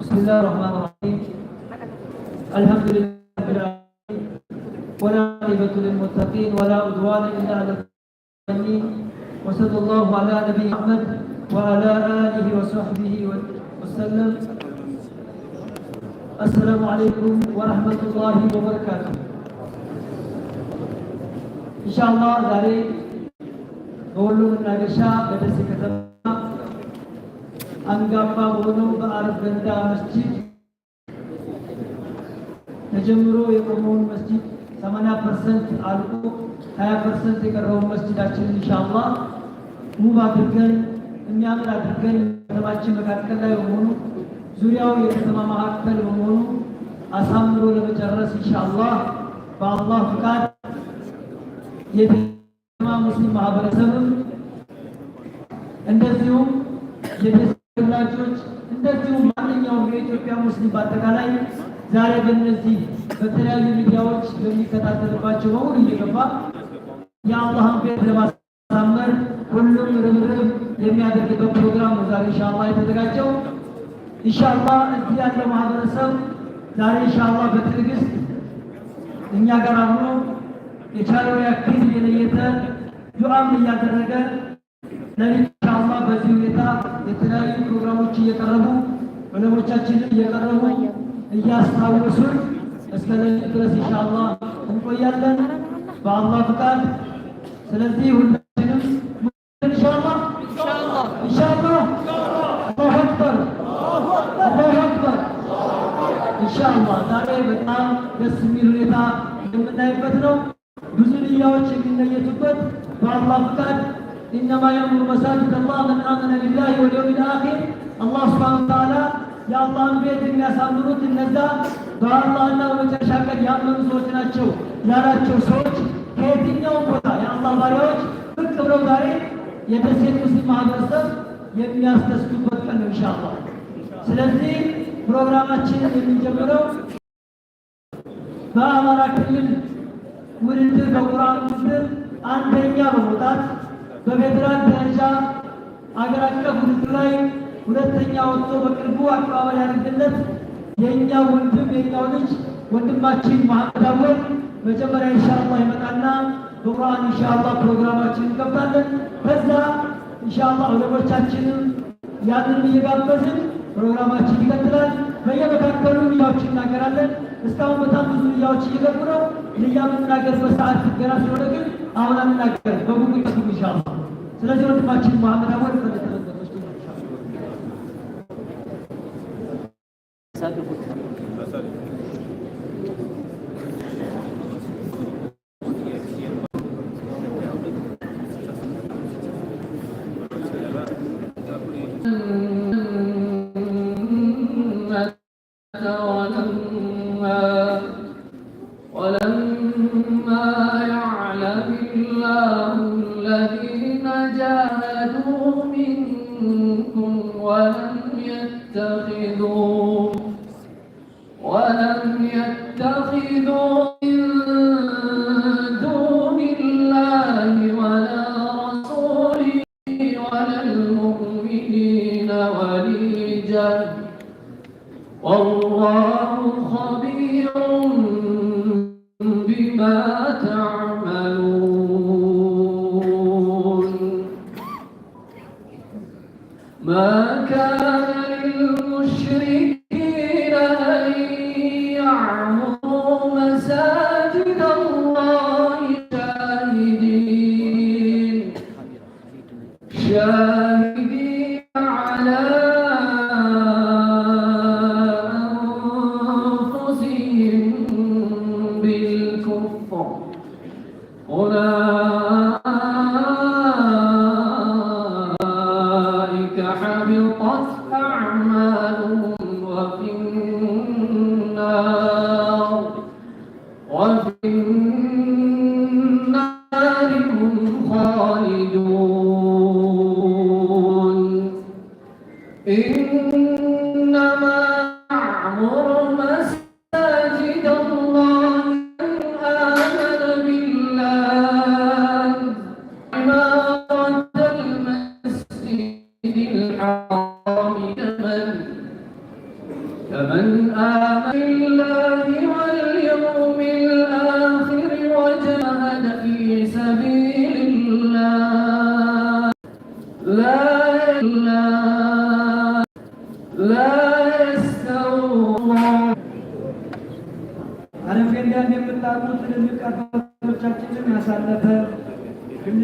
بسم الله الرحمن الرحيم الحمد لله رب العالمين والعاقبة للمتقين ولا عدوان إلا على الظالمين وصلى الله على نبينا محمد وعلى آله وصحبه وسلم السلام عليكم ورحمة الله وبركاته إن شاء الله ዛሬ በወሎ መናገሻ በደሴ ከተማ አንጋፋ በሆነው በአረብ ገንዳ መስጂድ ተጀምሮ የቆመውን መስጂድ 80 ፐርሰንት አልቆ 20 ፐርሰንት የቀረውን መስጂዳችንን እንሻላ ውብ አድርገን የሚያምር አድርገን ከተማችን መካከል ላይ በመሆኑ ዙሪያው የከተማ መካከል በመሆኑ አሳምሮ ለመጨረስ እንሻላ በአላህ ፍቃድ የተማ ሙስሊም ማህበረሰብም እንደዚሁም ወላጆች እንደዚሁ ማንኛውም የኢትዮጵያ ሙስሊም በአጠቃላይ ዛሬ በእነዚህ በተለያዩ ሚዲያዎች በሚከታተልባቸው በሙሉ እየገባ የአላህን ቤት ለማሳመር ሁሉም ርብርብ የሚያደርግበት ፕሮግራም ነው ዛሬ እንሻላ የተዘጋጀው። እንሻላ እዚህ ያለ ማህበረሰብ ዛሬ እንሻላ በትዕግስት እኛ ጋር ሆኖ የቻለው ያክል የለየተ ዱዓም እያደረገ ለሊቱ ኢንሻአላህ በዚህ ሁኔታ የተለያዩ ፕሮግራሞች እየቀረቡ ወለሞቻችንን እየቀረቡ እያስታወሱን እስከ ነገ ድረስ ኢንሻአላህ እንቆያለን በአላህ ፍቃድ። ስለዚህ ሁላችንም አላሁ አክበር አላሁ አክበር ዛሬ በጣም ደስ የሚል ሁኔታ የምናይበት ነው። ብዙ ንያዎች የሚለየቱበት በአላህ ፍቃድ ኢነማ የእሙሩ መሳጅድ አላህ መን አመነ ቢላሂ ወልየውሚል አኺር። አላህ ሱብሓነሁ ወተዓላ የአላህን ቤት የሚያሳምሩት እነዛ በአላህና በመጨረሻ ቀን ያመኑ ሰዎች ናቸው ያላቸው ሰዎች ከየትኛውም ቦታ የአላህ ባሪያዎች ብቅ ብለው ዛሬ የደሴት ሙስሊም ማህበረሰብ የሚያስደስቱበት ቀን ነው ኢንሻአላህ። ስለዚህ ፕሮግራማችንን የምንጀምረው በአማራ ክልል ውድድር በቁርአን ውድድር አንደኛ በመውጣት በፌዴራል ደረጃ አገር አቀፍ ውድድር ላይ ሁለተኛ ወጥቶ በቅርቡ አቀባበል ያደርግለት የእኛ ወንድም የእኛው ልጅ ወንድማችን መሐመድ አወል መጀመሪያ ኢንሻአላህ ይመጣና በቁርአን ኢንሻአላህ ፕሮግራማችን እንገባለን። ከዛ ኢንሻአላህ ዑለሞቻችንም ያንን እየጋበዝን ፕሮግራማችን ይቀጥላል። በየመካከሉ ንያዎች እናገራለን። እስካሁን በጣም ብዙ ንያዎች እየገቡ ነው። ልያ የምናገርበት ሰዓት ገና ስለሆነ ግን አሁን አምናገር በጉጉ ጠብቁ ስለዚህ ወንድማችን መሐመድ አወድ ولم يتخذوا من دون الله ولا ولا رسوله المؤمنين وليجا والله خبير بما تعملون شاهدين على أنفسهم بالكفر أولئك حبطت أعمالهم وفي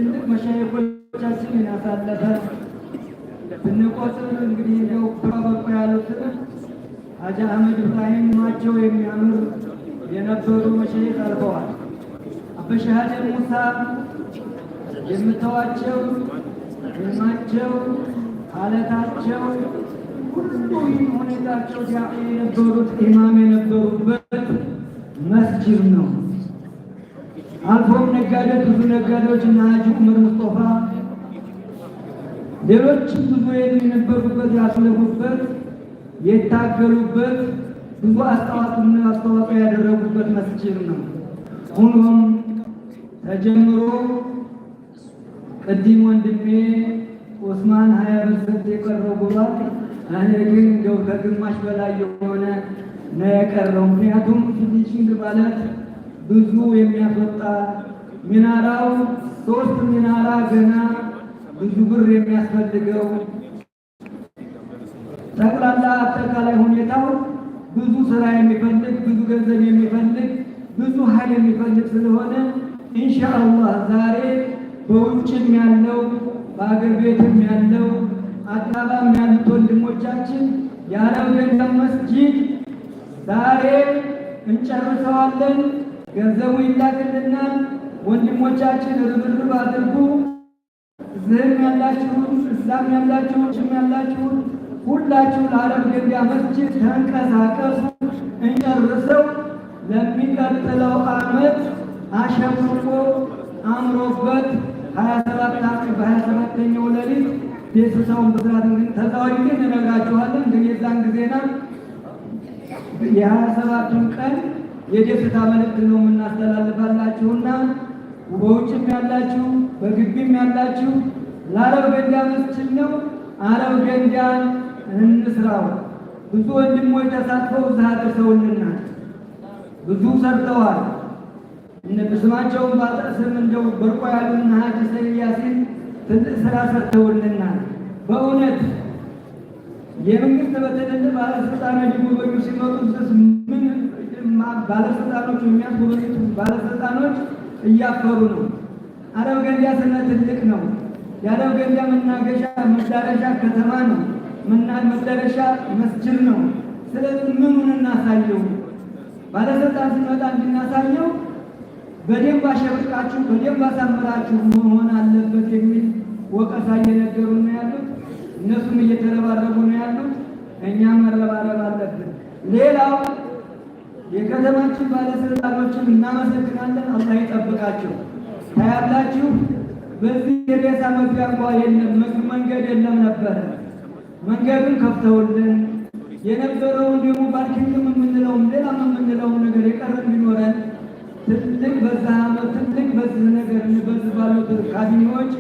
ትልልቅ መሻይኮቻችንን ያሳለፈ ብንቆጥር እንግዲህ እንደው በበቁ ያሉትን ሀጂ አህመድ ኢብራሂም ማቸው የሚያምር የነበሩ መሻይክ አልፈዋል። አበሻሃደ ሙሳ የምታዋቸው ህልማቸው፣ አለታቸው፣ ሁሉም ሁኔታቸው ዲያ የነበሩት ኢማም የነበሩበት መስጅድ ነው። አልፎም ነጋዴ ብዙ ነጋዴዎች እና ሀጂ ዑመር ሙስጠፋ ሌሎችም ብዙ የሚነበሩበት ያስለፉበት የታገሉበት ብዙ አስተዋጽኦና አስተዋጽኦ ያደረጉበት መስጅድ ነው። ሆኖም ተጀምሮ ቅድም ወንድሜ ኦስማን ሀያ በሰት የቀረው ጉባት እኔ ግን እንደው ከግማሽ በላይ የሆነ ነው የቀረው። ምክንያቱም ፊኒሽንግ ማለት ብዙ የሚያስወጣ ሚናራው ሶስት ሚናራ ገና ብዙ ብር የሚያስፈልገው ጠቅላላ አጠቃላይ ሁኔታው ብዙ ስራ የሚፈልግ ብዙ ገንዘብ የሚፈልግ ብዙ ኃይል የሚፈልግ ስለሆነ ኢንሻአላህ ዛሬ በውጭም ያለው በአገር ቤትም ያለው አካባቢም ያሉት ወንድሞቻችን ያለው ገንዘብ መስጂድ ዛሬ እንጨርሰዋለን። ገንዘቡ ይላክልና ወንድሞቻችን ርብርብ አድርጉ። ዝህም ያላችሁን፣ እስላም ያላችሁን፣ ሽም ያላችሁን ሁላችሁ ለአረብ ገቢያ መስጅድ ተንቀሳቀሱ። እንጨርሰው ለሚቀጥለው አመት አሸብርቆ አምሮበት ሀያ ሰባት ዓመት በሀያ ሰባተኛው ሌሊት ቤተሰውን ብስራት እንግዲህ ተዛዋጅ ግን እነግራችኋለን። ግን የዛን ጊዜና የሀያ ሰባቱን ቀን የደስታ መልእክት ነው የምናስተላልፋላችሁና በውጭም ያላችሁ በግቢም ያላችሁ ለአረብ ገንዳ መስችል ነው። አረብ ገንዳ እንስራው። ብዙ ወንድሞች ተሳትፈው እዛ ደርሰውልናል። ብዙ ሰርተዋል። ስማቸውን ስም እንደው በርቆ ያሉና ሀጂ ሰያሲን ትልቅ ስራ ሰርተውልናል። በእውነት የመንግስት በተደለ ባለስልጣናት ሊጎበኙ ሲመጡ ምን ባለስልጣኖች የሚያስጎበኙት ባለስልጣኖች እያፈሩ ነው። አረብ ገንዳ ስነ ትልቅ ነው። የአረብ ገንዳ መናገሻ መዳረሻ ከተማ ነው። መዳረሻ መስጅድ ነው። ስለዚህ ምኑን እናሳየው? ባለስልጣን ሲመጣ እንድናሳየው በደንብ አሸብርቃችሁ በደንብ አሳምራችሁ መሆን አለበት የሚል ወቀሳ እየነገሩ ነው ያሉት። እነሱም እየተረባረቡ ነው ያሉት። እኛም መረባረብ አለብን። ሌላው የከተማችን ባለስልጣኖችን እናመሰግናለን። አላህ ይጠብቃቸው። ታያላችሁ፣ በዚህ የቤሳ መግቢያ እንኳ የለም መንገድ የለም ነበረ። መንገዱን ከፍተውልን የነበረውን ደግሞ ባርኪንግም የምንለውም ሌላም የምንለውም ነገር የቀረ ቢኖረን ትልቅ በዛ አመት ትልቅ በዚህ ነገር በዚህ ባሉት ካቢኔዎች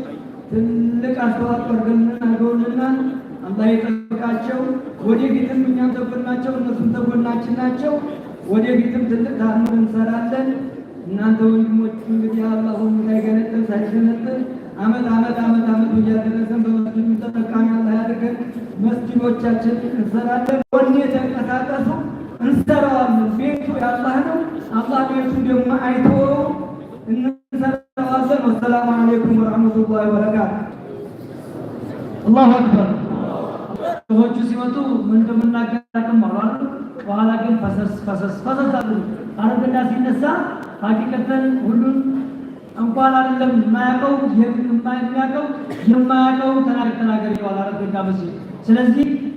ትልቅ አስተዋጽኦ አድርገውልና አላህ ይጠብቃቸው። ወደፊትም እኛም ተጎናቸው፣ እነሱም ተጎናችን ናቸው። ወደፊትም ትልቅ ታምር እንሰራለን። እናንተ ወንድሞች እንግዲህ አላህ ሁሉ ሳይሸነጥል አመት አመት አመት አመት እያደረሰን በመስጅዱ ተጠቃሚ አላ ያድርገን። መስጅዶቻችን እንሰራለን። ወኔ ተንቀሳቀሱ፣ እንሰራዋለን። ቤቱ ያላህ ነው። አላህ ቤቱ ደግሞ አይቶ እንሰራዋለን። ወሰላሙ አለይኩም ወረሕመቱላሂ ወበረካቱ። አላሁ አክበር። ሰዎቹ ሲመጡ ምን እንደምናገር አቅም አሏል በኋላ ግን ፈሰስ ፈሰስ ፈሰስ አሉ። አረብና ሲነሳ ሀቂቀተን ሁሉን እንኳን አይደለም የማያውቀው የሚያውቀው የማያውቀው ተናገር ተናገር ይለዋል አረብና በዚህ ስለዚህ